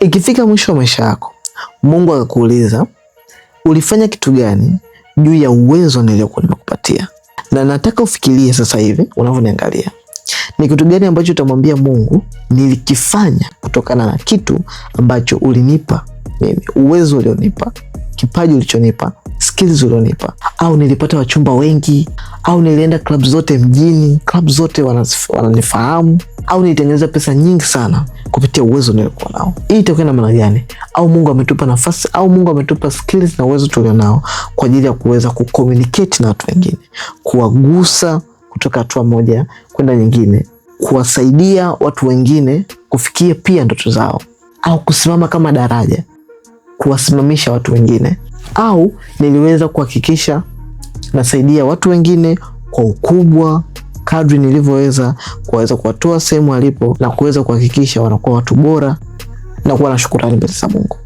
Ikifika mwisho wa maisha yako, Mungu akakuuliza ulifanya kitu gani juu ya uwezo niliokuwa nimekupatia. Na nataka ufikirie sasa hivi unavyoniangalia, ni kitu gani ambacho utamwambia Mungu nilikifanya kutokana na kitu ambacho ulinipa mimi, uwezo ulionipa, kipaji ulichonipa, skills ulionipa, au nilipata wachumba wengi, au nilienda klabu zote mjini, klabu zote wananifahamu, au nilitengeneza pesa nyingi sana kupitia uwezo niliokuwa nao. Hii itakuwa na maana gani? Au Mungu ametupa nafasi, au Mungu ametupa skills na uwezo tulionao kwa ajili ya kuweza kucommunicate na watu wengine, kuwagusa kutoka hatua moja kwenda nyingine, kuwasaidia watu wengine kufikia pia ndoto zao, au kusimama kama daraja kuwasimamisha watu wengine, au niliweza kuhakikisha nasaidia watu wengine kwa ukubwa kadri nilivyoweza kuweza kuwatoa sehemu alipo na kuweza kuhakikisha wanakuwa watu bora na kuwa na shukurani mbele za Mungu.